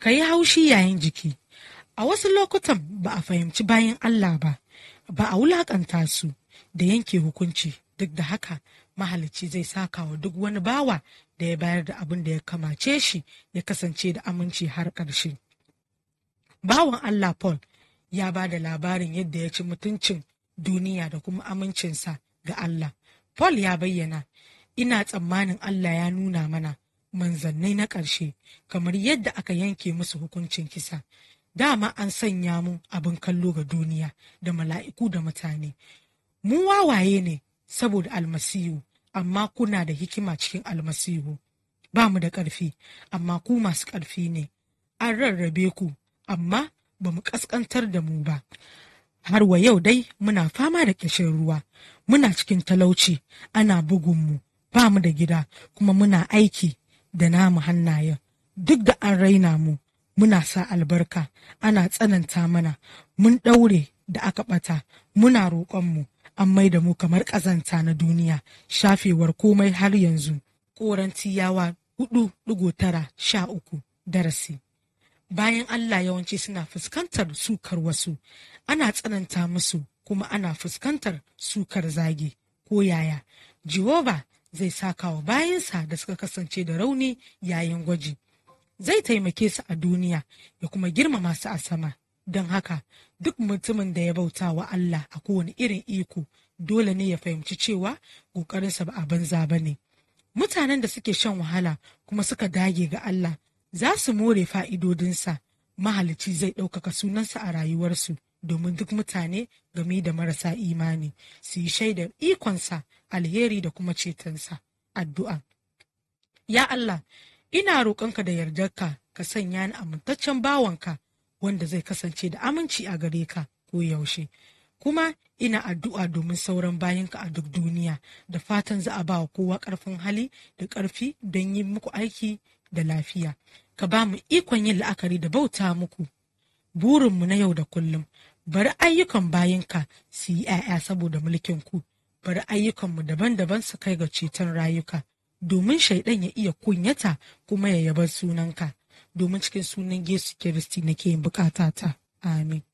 ka yi haushi yayin jiki a wasu lokutan ba a fahimci bayan Allah ba ba a wulaƙanta su da yanke hukunci duk da haka mahalicci zai saka wa duk wani bawa da ya bayar da abin da ya kamace shi ya kasance da aminci har ƙarshe bawan Allah Paul ya ba da labarin yadda ya ci mutuncin duniya da kuma amincinsa ga Allah Paul ya bayyana ina tsammanin Allah ya nuna mana manzannai na ƙarshe kamar yadda aka yanke musu hukuncin kisa dama an sanya mu abin kallo ga duniya da mala'iku da mutane mu wawaye ne saboda almasihu amma kuna da hikima cikin almasihu ba mu da ƙarfi amma ku masu ƙarfi ne an rarrabe ku amma ba mu ƙasƙantar da mu ba har wa yau dai muna fama da ƙashin ruwa muna cikin talauci ana bugunmu ba mu da gida kuma muna aiki da namu hannayen duk da an raina mu muna sa albarka ana tsananta mana mun ɗaure da aka ɓata muna roƙonmu an mai da mu kamar ƙazanta na duniya shafewar komai har yanzu ƙorantiyawa hudu dugo tara sha uku darasi bayan Allah yawanci suna fuskantar sukar wasu ana tsananta musu kuma ana fuskantar sukar zage. ko yaya Jehova zai saka wa bayansa da suka kasance da rauni yayin gwaji zai taimake su a duniya ya kuma girmama su a sama don haka duk mutumin da ya bauta wa Allah a kowane irin iko dole ne ya fahimci cewa ƙoƙarinsa ba a banza ba ne mutanen da suke shan wahala kuma suka dage ga Allah za su more fa'idodinsa mahalicci zai ɗaukaka sunansa a rayuwarsu domin duk mutane game da marasa imani su yi shaidar ikonsa alheri da kuma cetonsa addu'a ya Allah ina roƙonka da yardarka ka sanya ni amintaccen bawanka wanda zai kasance da aminci a gare ka ko yaushe kuma ina addu'a domin sauran bayanka a duk duniya da fatan za a ba kowa ƙarfin hali da ƙarfi don yi muku aiki da lafiya ka ba mu ikon yin la'akari da bauta muku burinmu na yau da kullum bari ayyukan bayinka su yi ‘ya'ya saboda mulkin ku, bari ayyukanmu daban-daban su kai ga ceton rayuka, domin shaidan ya iya kunyata kuma ya yabar sunanka, domin cikin sunan Yesu Kiristi nake yin ta. Amin.